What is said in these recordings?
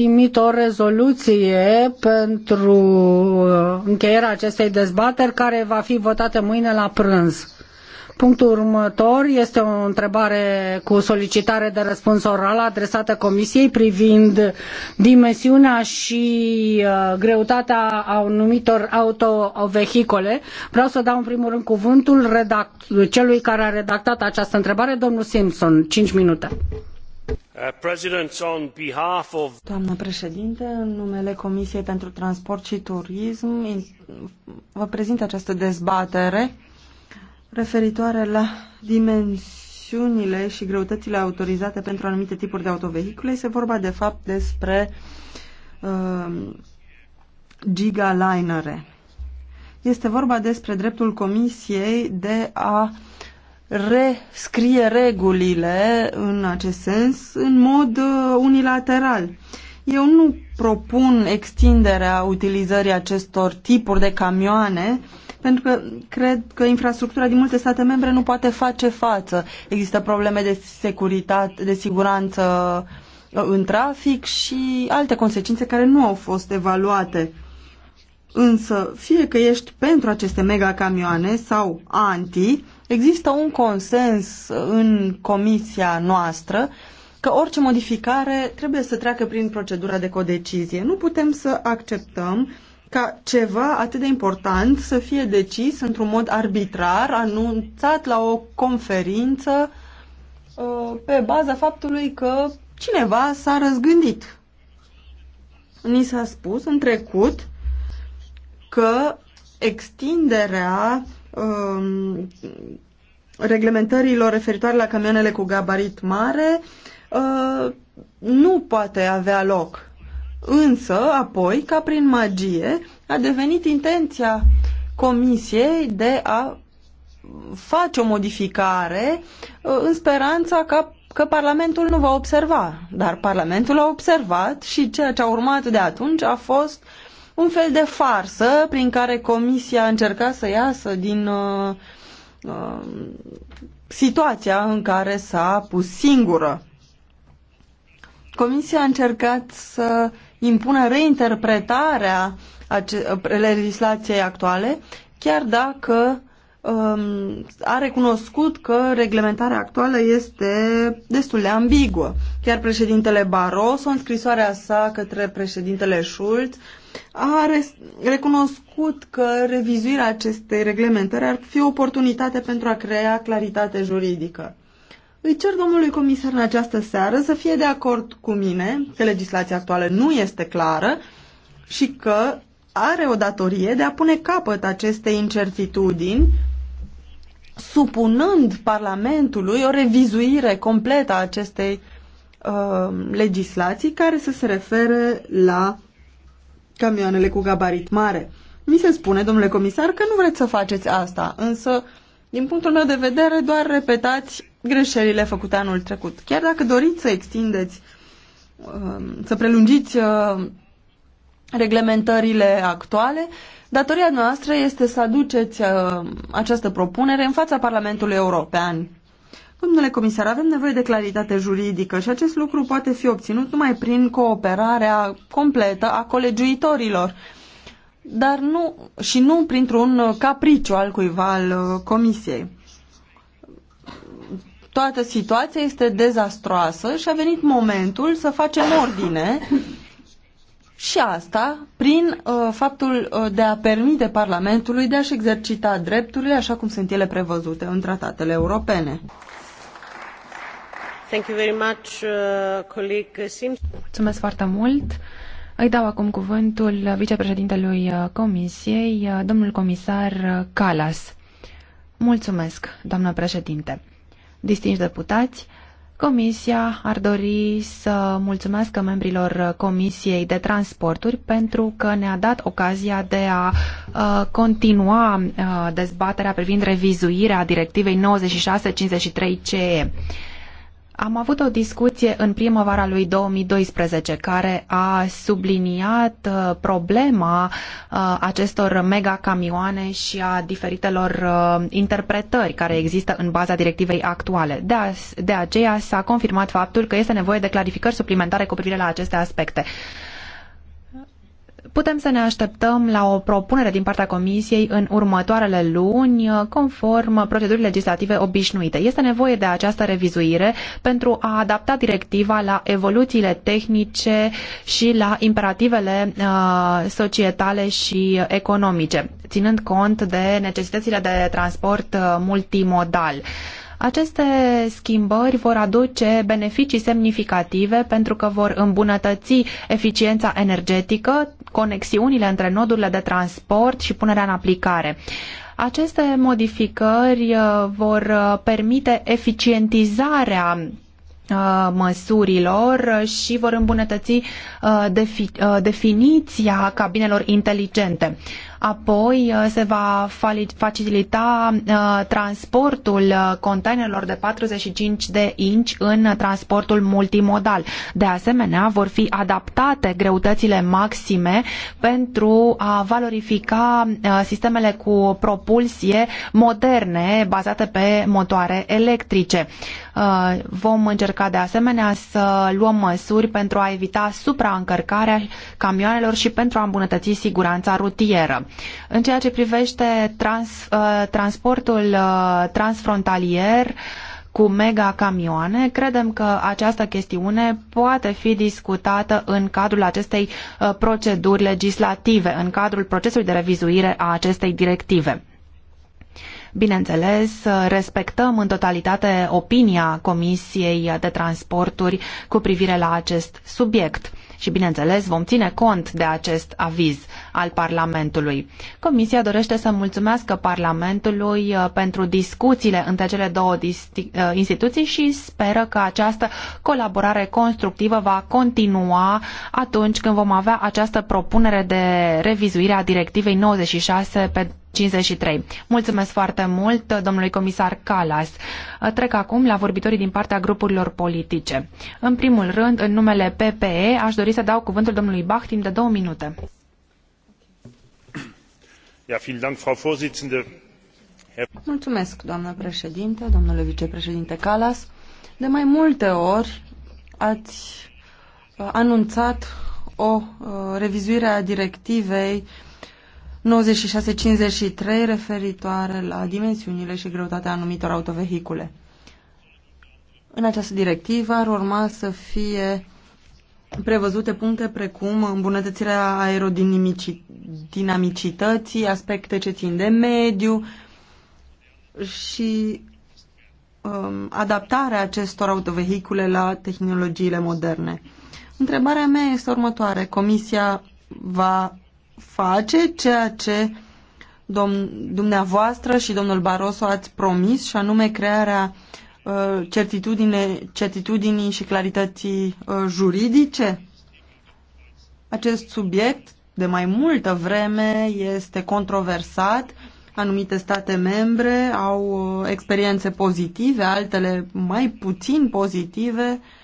primit o rezoluție pentru uh, încheierea acestei dezbateri care va fi votată mâine la prânz. Punctul următor este o întrebare cu solicitare de răspuns oral adresată Comisiei privind dimensiunea și uh, greutatea anumitor autovehicole. Vreau să dau în primul rând cuvântul celui care a redactat această întrebare, domnul Simpson. Cinci minute. Uh, Doamnă președinte, în numele Comisiei pentru Transport și Turism vă prezint această dezbatere referitoare la dimensiunile și greutățile autorizate pentru anumite tipuri de autovehicule. Este vorba de fapt despre uh, gigalinere. Este vorba despre dreptul Comisiei de a uh, rescrie regulile în acest sens în mod uh, unilateral. Eu nu propun extinderea utilizării acestor tipuri de camioane pentru că cred că infrastructura din multe state membre nu poate face față. Există probleme de securitate, de siguranță uh, în trafic și alte consecințe care nu au fost evaluate. Însă, fie că ești pentru aceste mega camioane sau anti, Există un consens în comisia noastră că orice modificare trebuie să treacă prin procedura de codecizie. Nu putem să acceptăm ca ceva atât de important să fie decis într-un mod arbitrar, anunțat la o conferință uh, pe baza faptului că cineva s-a răzgândit. Ni s-a spus în trecut că extinderea Um, reglementărilor referitoare la camioanele cu gabarit mare uh, nu poate avea loc. Însă, apoi, ca prin magie, a devenit intenția Comisiei de a face o modificare uh, în speranța că, că Parlamentul nu va observa. Dar Parlamentul a observat și ceea ce a urmat de atunci a fost uh, un fel de farsă prin care comisia încerca să iasă din uh, uh, situația în care s-a pus singură. Comisia a încercat să impună reinterpretarea legislației actuale, chiar dacă um, a recunoscut că reglementarea actuală este destul de ambiguă. Chiar președintele Barroso, în scrisoarea sa către președintele Schulz, a recunoscut că revizuirea acestei reglementări ar fi o oportunitate pentru a crea claritate juridică. Îi cer domnului comisar în această seară să fie de acord cu mine că legislația actuală nu este clară și că are o datorie de a pune capăt acestei incertitudini, supunând Parlamentului o revizuire completă a acestei uh, legislații care să se refere la camioanele cu gabarit mare. Mi se spune, domnule comisar, că nu vreți să faceți asta, însă, din punctul meu de vedere, doar repetați greșelile făcute anul trecut. Chiar dacă doriți să extindeți, um, să prelungiți uh, reglementările actuale, datoria noastră este să aduceți uh, această propunere în fața Parlamentului European Domnule comisar, avem nevoie de claritate juridică și acest lucru poate fi obținut numai prin cooperarea completă a colegiuitorilor, dar nu, și nu printr-un capriciu al cuiva al uh, comisiei. Toată situația este dezastroasă și a venit momentul să facem ordine și asta prin uh, faptul uh, de a permite Parlamentului de a-și exercita drepturile așa cum sunt ele prevăzute în tratatele europene. Uh, mulțumesc foarte mult. Îi dau acum cuvântul vicepreședintelui uh, Comisiei, uh, domnul comisar Calas. Mulțumesc, doamnă președinte. Distinși deputați, Comisia ar dori să mulțumesc membrilor Comisiei de Transporturi pentru că ne-a dat ocazia de a continua dezbaterea privind revizuirea Directivei 9653 CE. Am avut o discuție în primăvara lui 2012 care a subliniat uh, problema uh, acestor mega camioane și a diferitelor uh, interpretări care există în baza directivei actuale. De, a, de aceea s-a confirmat faptul că este nevoie de clarificări suplimentare cu privire la aceste aspecte. Putem să ne așteptăm la o propunere din partea Comisiei în următoarele luni, conform procedurii legislative obișnuite. Este nevoie de această revizuire pentru a adapta directiva la evoluțiile tehnice și la imperativele uh, societale și economice, ținând cont de necesitățile de transport uh, multimodal. Aceste schimbări vor aduce beneficii semnificative pentru că vor îmbunătăți eficiența energetică, conexiunile între nodurile de transport și punerea în aplicare. Aceste modificări uh, vor uh, permite eficientizarea uh, măsurilor și vor îmbunătăți definiția cabinelor inteligente. Apoi uh, se va facilita uh, transportul uh, containerelor de 45 de inci în transportul multimodal. De asemenea, vor fi adaptate greutățile maxime pentru a valorifica sistemele cu propulsie moderne bazate pe motoare electrice. Vom încerca de asemenea să luăm măsuri pentru a evita supraîncărcarea camioanelor și pentru a îmbunătăți siguranța rutieră. În ceea ce privește trans, uh, transportul uh, transfrontalier, cu mega camioane, credem că această chestiune poate fi discutată în cadrul acestei uh, proceduri legislative, în cadrul procesului de revizuire a acestei directive. Bineînțeles, respectăm în totalitate opinia Comisiei de Transporturi cu privire la acest subiect și, bineînțeles, vom ține cont de acest aviz al Parlamentului. Comisia dorește să mulțumească Parlamentului uh, pentru discuțiile între cele două uh, instituții și speră că această colaborare constructivă va continua atunci când vom avea această propunere de revizuire a directivei 96 pe 53. Mulțumesc foarte mult domnului comisar Calas. Trec acum la vorbitorii din partea grupurilor politice. În primul rând, în numele PPE, aș dori să dau cuvântul domnului Bach timp de două minute. Ja, vielen Dank, Frau Vorsitzende. Mulțumesc, doamnă președinte, domnule vicepreședinte Calas. De mai multe ori ați uh, anunțat o uh, revizuire a directivei 9653 referitoare la dimensiunile și greutatea anumitor autovehicule. În această directivă ar urma să fie prevăzute puncte precum îmbunătățirea aerodinamicității, aspecte ce țin de mediu și um, adaptarea acestor autovehicule la tehnologiile moderne. Întrebarea mea este următoare. Comisia va face ceea ce domn, dumneavoastră și domnul Barroso ați promis, și anume crearea uh, certitudine, certitudinii și clarității uh, juridice? Acest subiect de mai multă vreme este controversat. Anumite state membre au uh, experiențe pozitive, altele mai puțin pozitive uh,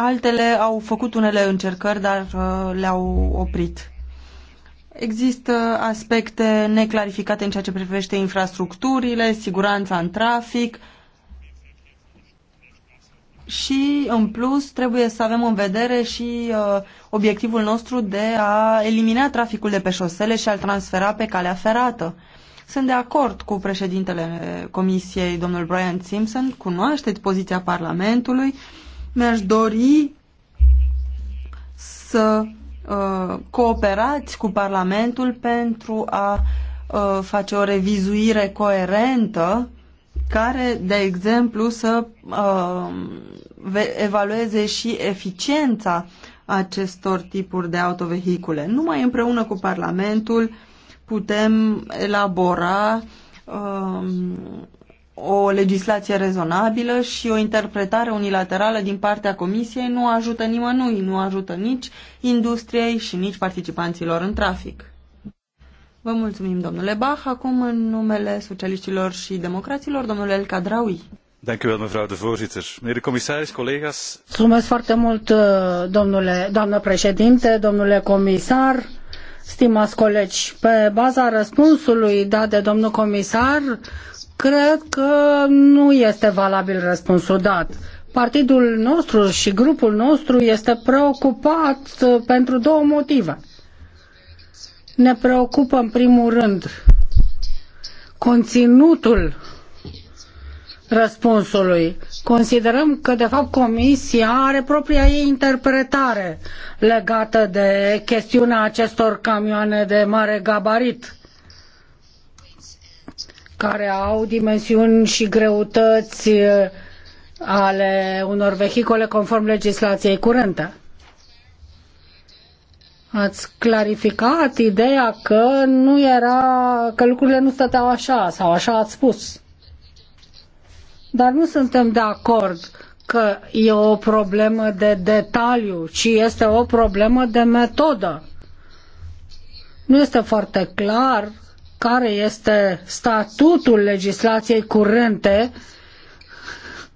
Altele au făcut unele încercări, dar uh, le-au oprit. Există aspecte neclarificate în ceea ce privește infrastructurile, siguranța în trafic și, în plus, trebuie să avem în vedere și uh, obiectivul nostru de a elimina traficul de pe șosele și a-l transfera pe calea ferată. Sunt de acord cu președintele Comisiei, domnul Brian Simpson, cunoașteți poziția Parlamentului uh, mi-aș dori să uh, cooperați cu Parlamentul pentru a uh, face o revizuire coerentă care, de exemplu, să uh, evalueze și eficiența acestor tipuri de autovehicule. Numai împreună cu Parlamentul putem elabora um, o legislație rezonabilă și o interpretare unilaterală din partea Comisiei nu ajută nimănui, nu ajută nici industriei și nici participanților în trafic. Vă mulțumim, domnule Bach. Acum, în numele socialiștilor și democraților, domnule El Cadraui. Mulțumesc foarte mult, uh, domnule, doamnă președinte, domnule comisar, stimați colegi. Pe baza răspunsului dat de domnul comisar, Cred că nu este valabil răspunsul dat. Partidul nostru și grupul nostru este preocupat uh, pentru două motive. Ne preocupă în primul rând conținutul răspunsului. Considerăm că, de fapt, Comisia are propria ei interpretare legată de chestiunea acestor camioane de mare gabarit care au dimensiuni și greutăți uh, ale unor vehicule conform legislației curente. Ați clarificat ideea că nu era, că lucrurile nu stăteau așa sau așa ați spus. Dar nu suntem de acord că e o problemă de detaliu, ci este o problemă de metodă. Nu este foarte clar care este statutul legislației curente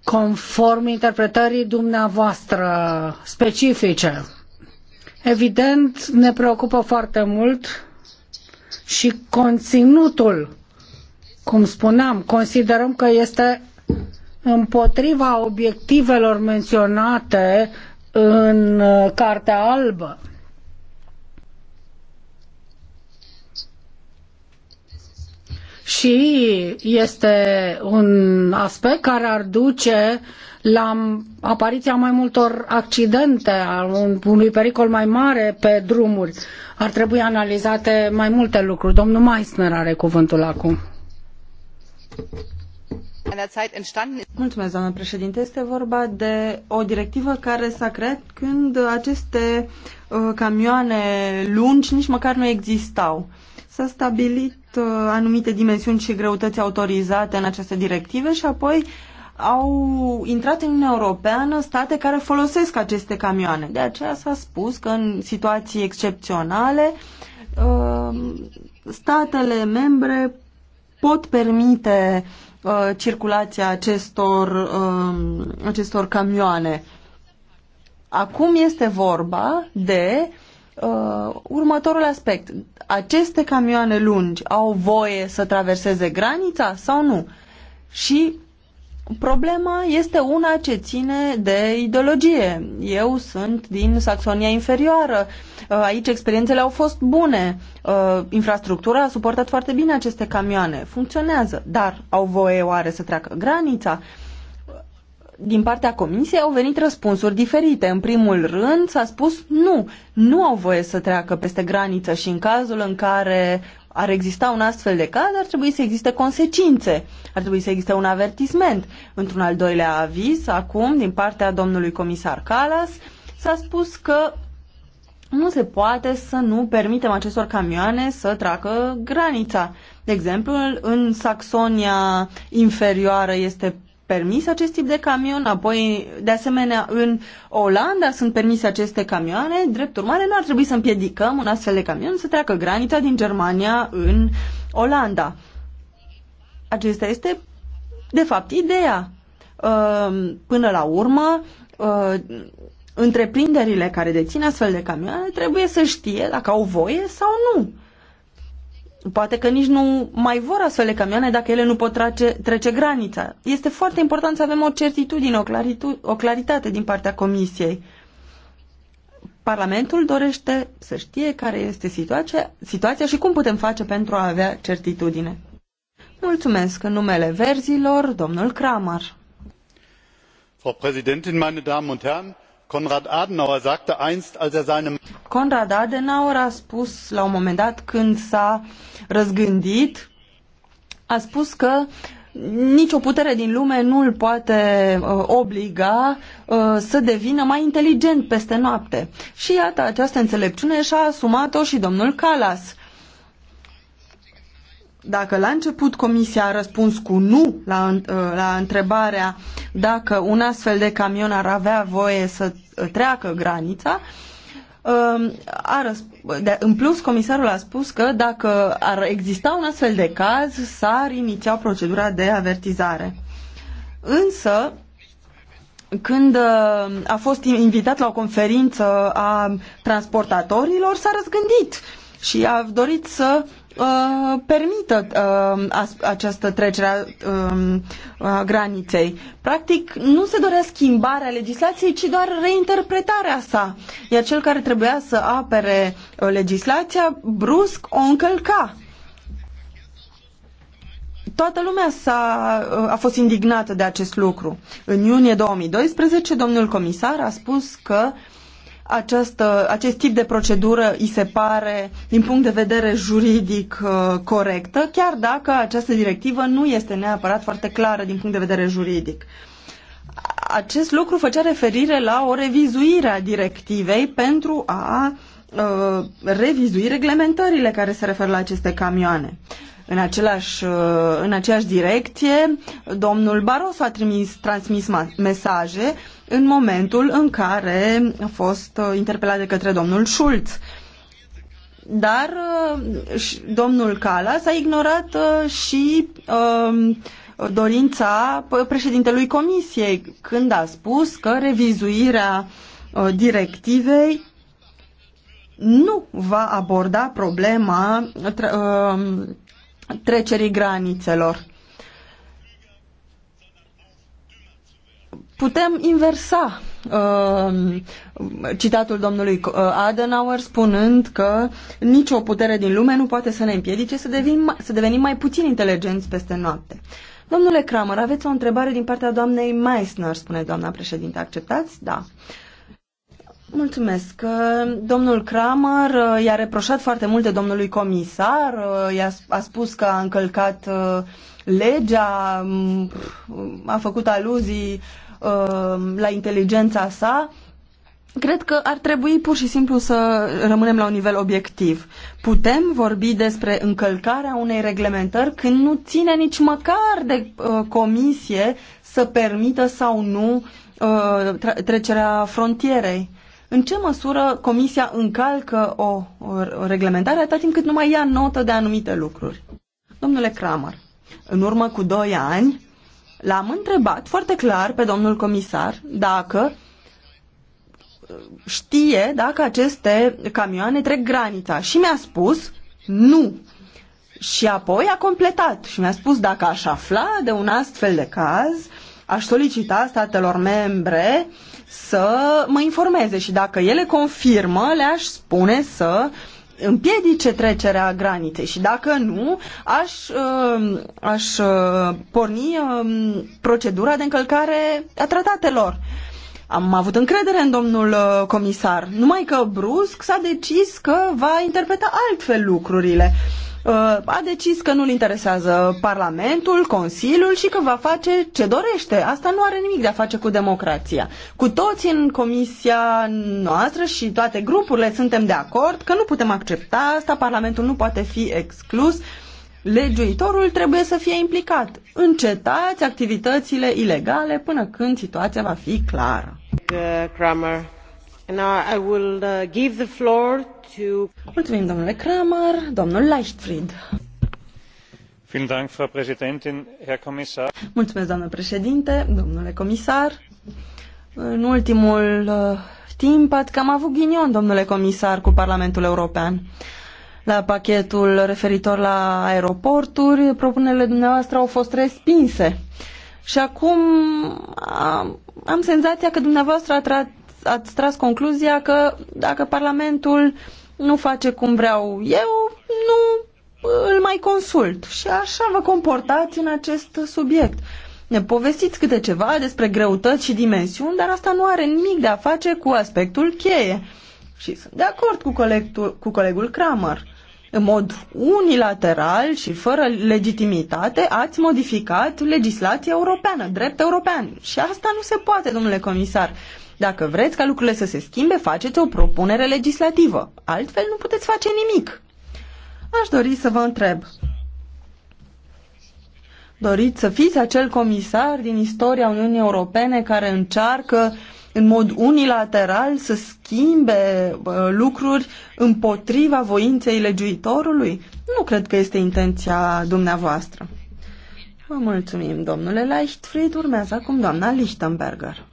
conform interpretării dumneavoastră specifice. Evident, ne preocupă foarte mult și conținutul. Cum spuneam, considerăm că este împotriva obiectivelor menționate în uh, Cartea Albă. și este un aspect care ar duce la apariția mai multor accidente, a unui pericol mai mare pe drumuri. Ar trebui analizate mai multe lucruri. Domnul Meissner are cuvântul acum. Mulțumesc, doamnă președinte. Este vorba de o directivă care s-a creat când aceste uh, camioane lungi nici măcar nu existau S-a stabilit uh, anumite dimensiuni și greutăți autorizate în aceste directive și apoi au intrat în Uniunea Europeană state care folosesc aceste camioane. De aceea s-a spus că în situații excepționale uh, statele membre pot permite uh, circulația acestor, acestor camioane. Acum este vorba de uh, uh, următorul aspect. Aceste camioane lungi au voie să traverseze granița sau nu? Și problema este una ce ține de ideologie. Eu sunt din Saxonia inferioară. Uh, aici experiențele au fost bune. Uh, infrastructura a suportat foarte bine aceste camioane. Funcționează. Dar au voie oare să treacă granița? Uh, din partea comisiei au venit răspunsuri diferite. În primul rând s-a spus nu, nu au voie să treacă peste graniță și în cazul în care ar exista un astfel de caz, ar trebui să existe consecințe, ar trebui să existe un avertisment. Într-un al doilea aviz, acum, din partea domnului comisar Calas, s-a spus că nu se poate să nu permitem acestor camioane să tracă granița. De exemplu, în Saxonia inferioară este permis acest tip de camion, apoi, de asemenea, în Olanda sunt permise aceste camioane, drept urmare, nu ar trebui să împiedicăm un astfel de camion să treacă granița din Germania în Olanda. Acesta este, de fapt, ideea. Ehm, până la urmă, ehm, întreprinderile care dețin astfel de camioane trebuie să știe dacă au voie sau nu poate că nici nu mai vor astfel de camioane dacă ele nu pot trece, trece granița. Este foarte important să avem o certitudine, o, claritu- o claritate din partea Comisiei. Parlamentul dorește să știe care este situația, situația și cum putem face pentru a avea certitudine. Mulțumesc în numele verzilor, domnul Kramer. Frau Präsidentin, meine Damen und Herren! Konrad Adenauer sagte einst, als er seine Konrad Adenauer a spus la un moment dat când s-a răzgândit, a spus că nicio putere din lume nu îl poate uh, obliga uh, să devină mai inteligent peste noapte. Și iată, această înțelepciune și-a asumat-o și domnul Calas dacă la început Comisia a răspuns cu nu la, uh, la întrebarea dacă un astfel de camion ar avea voie să uh, treacă granița, um, a de, în plus, comisarul a spus că dacă ar exista un astfel de caz, s-ar iniția procedura de avertizare. Însă, când uh, a fost invitat la o conferință a transportatorilor, s-a răzgândit și a dorit să Uh, permită uh, această trecere a, uh, a graniței. Practic, nu se dorea schimbarea legislației, ci doar reinterpretarea sa. Iar cel care trebuia să apere uh, legislația, brusc o încălca. Toată lumea s-a, uh, a fost indignată de acest lucru. În iunie 2012, domnul comisar a spus că uh, acest, uh, acest tip de procedură îi se pare, din punct de vedere juridic, uh, corectă, chiar dacă această directivă nu este neapărat foarte clară din punct de vedere juridic. Acest lucru făcea referire la o revizuire a directivei pentru a uh, revizui reglementările care se referă la aceste camioane. În, același, uh, în aceeași direcție, domnul Barroso a trimis, transmis mesaje în momentul în care a fost uh, interpelat de către domnul Schulz. Dar uh, domnul Kallas a ignorat și um, dorința președintelui Comisiei când a spus că revizuirea directivei nu va aborda problema um, trecerii granițelor. Putem inversa uh, citatul domnului uh, Adenauer spunând că nicio putere din lume nu poate să ne împiedice să, devin, să devenim mai puțin inteligenți peste noapte. Domnule Kramer, aveți o întrebare din partea doamnei Meissner, spune doamna președinte. Acceptați? Da. Uh, Mulțumesc. Uh, domnul Kramer uh, i-a reproșat foarte multe domnului comisar, uh, i-a a spus că a încălcat legea, mm, a făcut aluzii la inteligența sa. Cred că ar trebui pur și simplu să rămânem la un nivel obiectiv. Putem vorbi despre încălcarea unei reglementări când nu ține nici măcar de comisie să permită sau nu trecerea frontierei în ce măsură Comisia încalcă o, o reglementare atât timp cât nu mai ia notă de anumite lucruri. Domnule Kramer, în urmă cu doi ani l-am întrebat foarte clar pe domnul comisar dacă uh, știe dacă aceste camioane trec granița și mi-a spus nu. Și apoi a completat și mi-a spus dacă aș afla de un astfel de caz, aș solicita statelor membre uh, să mă informeze și dacă ele confirmă, le-aș spune să împiedice trecerea graniței și dacă nu, aș, uh, aș uh, porni um, procedura de încălcare a tratatelor. Am avut încredere în domnul uh, comisar, numai că brusc s-a decis că va interpreta altfel lucrurile Uh, a decis că nu-l interesează Parlamentul, Consiliul și că va face ce dorește. Asta nu are nimic de a face cu democrația. Cu toți în comisia noastră și toate grupurile suntem de acord că nu putem accepta asta, Parlamentul nu poate fi exclus, legiuitorul trebuie să fie implicat. Încetați activitățile ilegale până când situația va fi clară. Uh, to... Mulțumim, domnule Kramer. Domnul Leichtfried. Mulțumesc, doamnă președinte, domnule comisar. În ultimul uh, timp că am avut ghinion, domnule comisar, cu Parlamentul European. La pachetul referitor la aeroporturi, propunerile dumneavoastră au fost respinse. Și acum am, am senzația că dumneavoastră ați, ați tras concluzia că dacă Parlamentul uh, nu face cum vreau eu, nu îl mai consult. Și așa vă comportați în acest subiect. Ne povestiți câte ceva despre greutăți și dimensiuni, dar asta nu are nimic de a face cu aspectul cheie. Și sunt de acord cu, colectul, cu colegul Kramer. În mod unilateral și fără legitimitate ați modificat legislația europeană, drept european. Și asta nu se poate, domnule comisar. Dacă vreți ca lucrurile să se schimbe, faceți o propunere legislativă. Altfel nu puteți face nimic. Aș dori să vă întreb. Doriți să fiți acel comisar din istoria Uniunii Europene care încearcă în mod unilateral să schimbe lucruri împotriva voinței legiuitorului? Nu cred că este intenția dumneavoastră. Vă mulțumim, domnule Leichtfried. Urmează acum doamna Lichtenberger.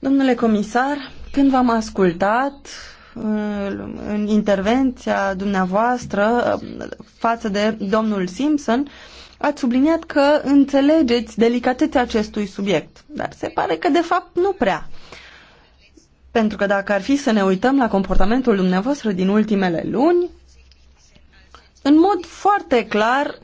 Domnule comisar, când v-am ascultat în intervenția dumneavoastră față de domnul Simpson, ați subliniat că înțelegeți delicatețea acestui subiect, dar se pare că de fapt nu prea. Pentru că dacă ar fi să ne uităm la comportamentul dumneavoastră din ultimele luni, în mod foarte clar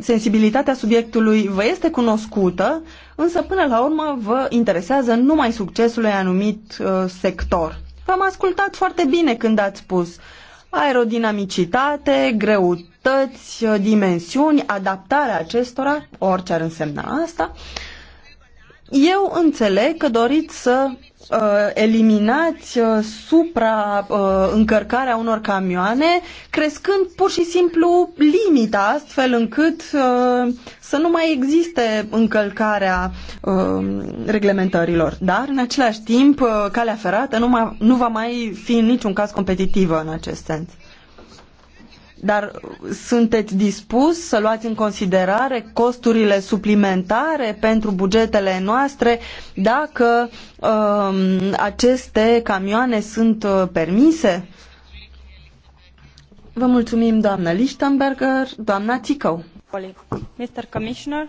sensibilitatea subiectului vă este cunoscută, însă până la urmă vă interesează numai succesul unui anumit uh, sector. V-am ascultat foarte bine când ați spus aerodinamicitate, greutăți, uh, dimensiuni, adaptarea acestora, orice ar însemna asta. Eu înțeleg că doriți să uh, eliminați uh, supraîncărcarea uh, unor camioane, crescând pur și simplu limita, astfel încât uh, să nu mai existe încălcarea uh, reglementărilor. Dar, în același timp, uh, calea ferată nu, nu va mai fi în niciun caz competitivă în acest sens. Dar sunteți dispus să luați în considerare costurile suplimentare pentru bugetele noastre dacă um, aceste camioane sunt uh, permise? Vă mulțumim, doamna Lichtenberger, doamna Țicău. Mr. Commissioner,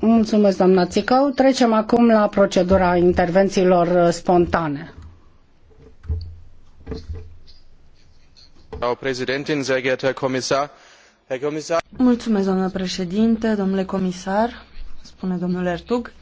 Mulțumesc, doamna Țicău. Trecem acum la procedura intervențiilor uh, spontane. Frau Präsidentin, sehr geehrter Herr Kommissar. Herr Kommissar. Mulțumesc, doamnă președinte, domnule comisar, spune domnul Ertug.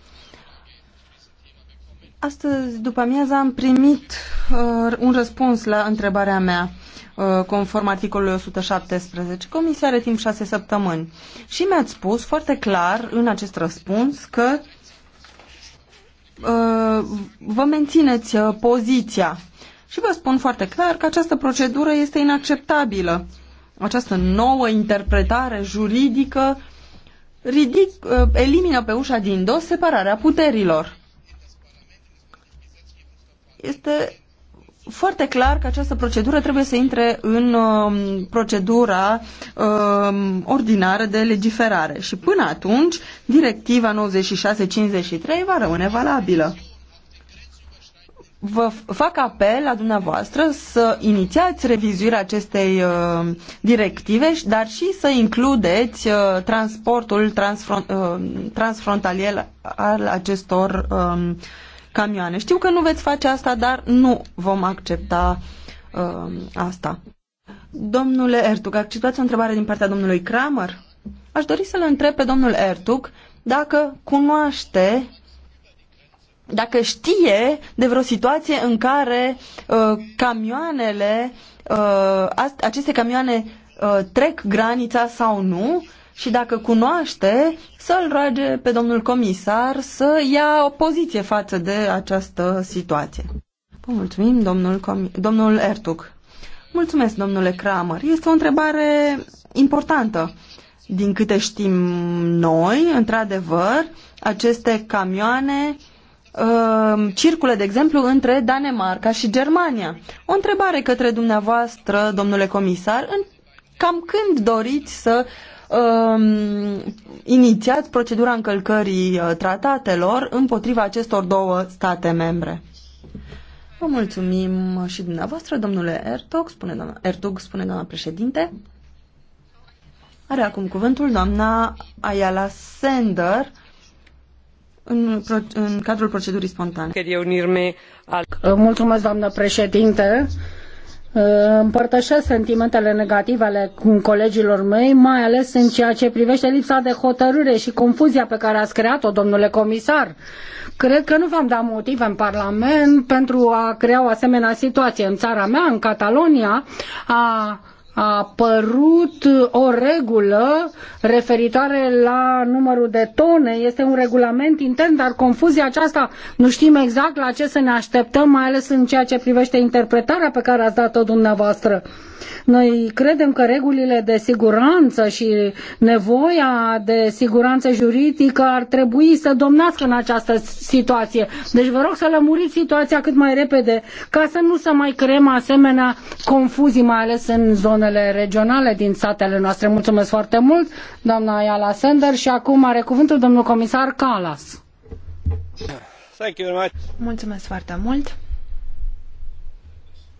Astăzi, după amiază, am primit uh, un răspuns la întrebarea mea. Uh, conform articolului 117. Comisia are timp șase săptămâni. Și mi-ați spus foarte clar în acest răspuns că uh, vă mențineți uh, poziția. Și vă spun foarte clar că această procedură este inacceptabilă. Această nouă interpretare juridică ridic, elimină pe ușa din dos separarea puterilor. Este foarte clar că această procedură trebuie să intre în um, procedura um, ordinară de legiferare și până atunci directiva 9653 va rămâne valabilă. Vă fac apel la dumneavoastră să inițiați revizuirea acestei uh, directive, dar și să includeți uh, transportul transfron- uh, transfrontalier al acestor uh, camioane. Știu că nu veți face asta, dar nu vom accepta uh, asta. Domnule Ertug, acceptați o întrebare din partea domnului Kramer? Aș dori să-l întreb pe domnul Ertug dacă cunoaște, dacă știe de vreo situație în care uh, camioanele, uh, aceste camioane uh, trec granița sau nu și dacă cunoaște, să-l roage pe domnul comisar să ia o poziție față de această situație. Vă mulțumim, domnul, domnul Ertug. Mulțumesc, domnule Kramer. Este o întrebare importantă. Din câte știm noi, într-adevăr, aceste camioane uh, circulă, de exemplu, între Danemarca și Germania. O întrebare către dumneavoastră, domnule comisar, în cam când doriți să uh, uh, inițiat procedura încălcării uh, tratatelor împotriva acestor două state membre. Vă mulțumim și dumneavoastră, domnule Ertug, spune doamna, Ertug, spune doamna președinte. Are acum cuvântul doamna Ayala Sender în, în cadrul procedurii spontane. Mulțumesc, doamnă președinte. Uh, împărtășesc sentimentele negative ale colegilor mei, mai ales în ceea ce privește lipsa de hotărâre și confuzia pe care ați creat-o, domnule comisar. Cred că nu v-am dat motive în Parlament pentru a crea o asemenea situație. În țara mea, în Catalonia, a a apărut o regulă referitoare la numărul de tone. Este un regulament intern, dar confuzia aceasta nu știm exact la ce să ne așteptăm, mai ales în ceea ce privește interpretarea pe care ați dat-o dumneavoastră. Uh, noi credem că regulile de siguranță și nevoia de siguranță juridică ar trebui să domnească în această situație. Deci vă rog să lămuriți situația cât mai repede ca să nu să mai creăm asemenea confuzii, mai ales în zonele regionale din statele noastre. Mulțumesc foarte mult, doamna Ayala Sender, și acum are cuvântul domnul comisar Kallas. Mulțumesc foarte mult.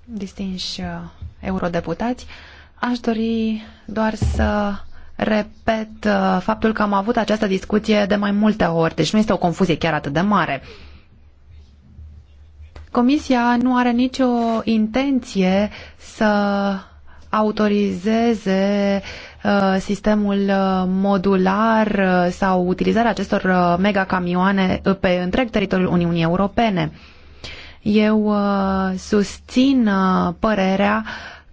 Distinși uh, eurodeputați. Aș dori doar să repet uh, faptul că am avut această discuție de mai multe ori, deci nu este o confuzie chiar atât de mare. Comisia nu are nicio intenție să autorizeze uh, sistemul uh, modular sau utilizarea acestor megacamioane pe întreg teritoriul Uniunii Europene. Eu uh, susțin uh, părerea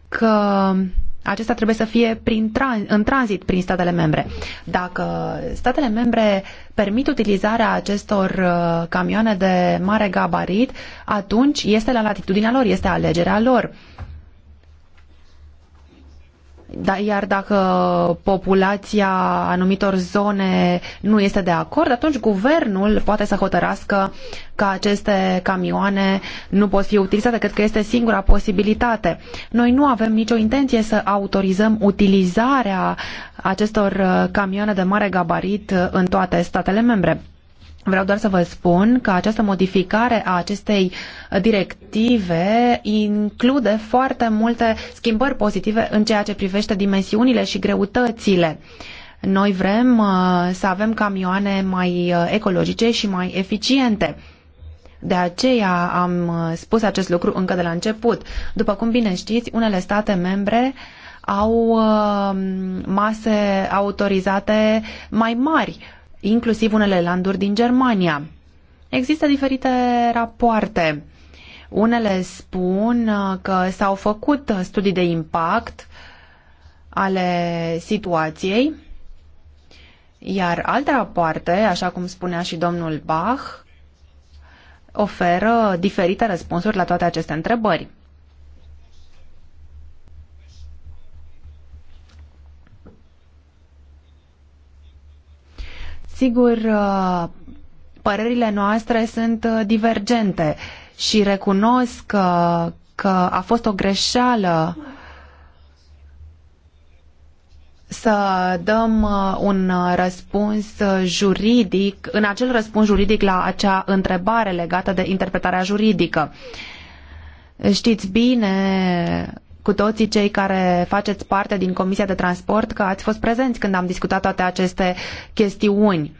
că acesta trebuie să fie prin în tranzit prin statele membre. Dacă statele membre permit utilizarea acestor uh, camioane de mare gabarit, atunci este la latitudinea lor, este alegerea lor da, iar dacă populația anumitor zone nu este de acord, atunci guvernul poate să hotărască că aceste camioane nu pot fi utilizate. Cred că este singura posibilitate. Noi nu avem nicio intenție să autorizăm utilizarea acestor uh, camioane de mare gabarit uh, în toate statele membre. Vreau doar să vă spun că această modificare a acestei directive include foarte multe schimbări pozitive în ceea ce privește dimensiunile și greutățile. Noi vrem uh, să avem camioane mai uh, ecologice și mai eficiente. De aceea am uh, spus acest lucru încă de la început. După cum bine știți, unele state membre au mase autorizate mai mari inclusiv unele landuri din Germania. Există diferite rapoarte. Unele spun uh, că s-au făcut studii de impact ale situației, iar alte rapoarte, așa cum spunea și domnul Bach, oferă diferite răspunsuri la toate aceste întrebări. Sigur, uh, părerile noastre sunt uh, divergente și recunosc că, uh, că a fost o greșeală să dăm un răspuns juridic, în acel răspuns juridic la acea întrebare legată de interpretarea juridică. Știți bine cu toții cei care faceți parte din Comisia de Transport că ați fost prezenți când am discutat toate aceste chestiuni.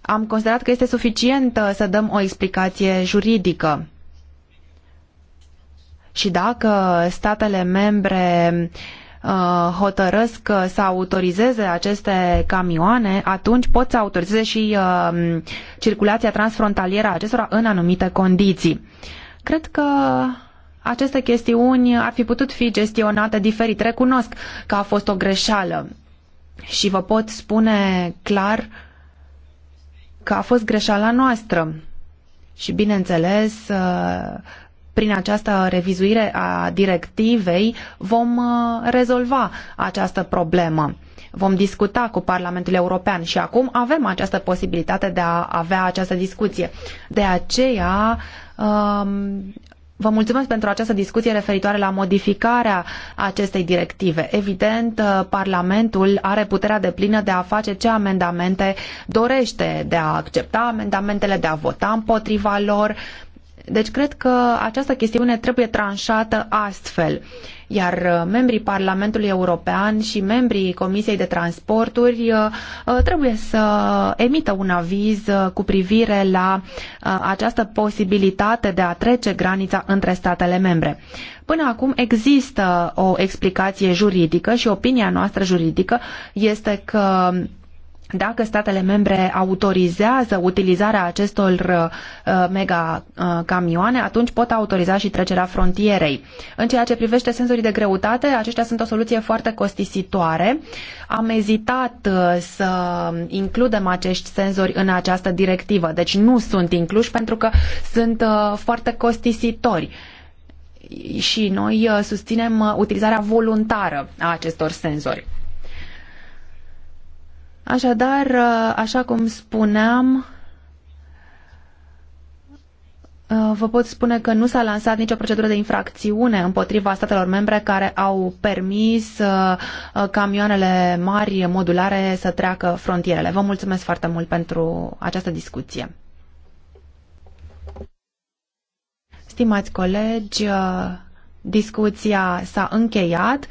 Am considerat că este suficient uh, să dăm o explicație juridică. Și dacă statele membre uh, hotărăsc să autorizeze aceste camioane, atunci pot să autorizeze și uh, circulația transfrontalieră a acestora în anumite condiții. Cred că aceste chestiuni ar fi putut fi gestionate diferit. Recunosc că a fost o greșeală și vă pot spune clar că a fost greșeala noastră. Și bineînțeles, prin această revizuire a directivei vom uh, rezolva această problemă. Vom discuta cu Parlamentul European și acum avem această posibilitate de a avea această discuție. De aceea um, Vă mulțumesc pentru această discuție referitoare la modificarea acestei directive. Evident, uh, Parlamentul are puterea de plină de a face ce amendamente dorește, de a accepta amendamentele, de a vota împotriva lor, deci cred că această chestiune trebuie tranșată astfel, iar uh, membrii Parlamentului European și membrii Comisiei de Transporturi uh, uh, trebuie să emită un aviz cu privire la această posibilitate de a trece granița între statele membre. Până acum există o explicație juridică și opinia noastră juridică este că dacă statele membre autorizează utilizarea acestor uh, uh, mega uh, camioane, atunci pot autoriza și trecerea frontierei. În ceea ce privește senzorii de greutate, aceștia sunt o soluție foarte costisitoare. Am ezitat să includem acești senzori în această directivă, deci nu sunt incluși pentru că sunt foarte costisitori și noi susținem utilizarea voluntară a acestor senzori. Așadar, uh, așa cum spuneam, uh, Vă pot spune că nu s-a lansat nicio procedură de infracțiune împotriva statelor membre care au permis uh, camioanele mari modulare să treacă frontierele. Vă mulțumesc foarte mult pentru această discuție. Stimați colegi, discuția s-a încheiat.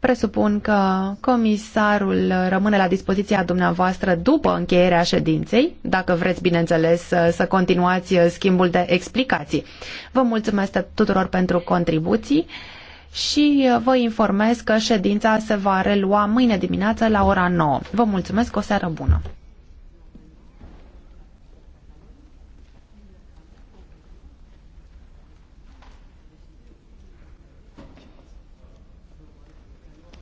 Presupun că comisarul rămâne la dispoziția dumneavoastră după încheierea ședinței, dacă vreți, bineînțeles, să continuați schimbul de explicații. Vă mulțumesc tuturor pentru contribuții și vă informez că ședința se va relua mâine dimineață la ora 9. Vă mulțumesc, o seară bună!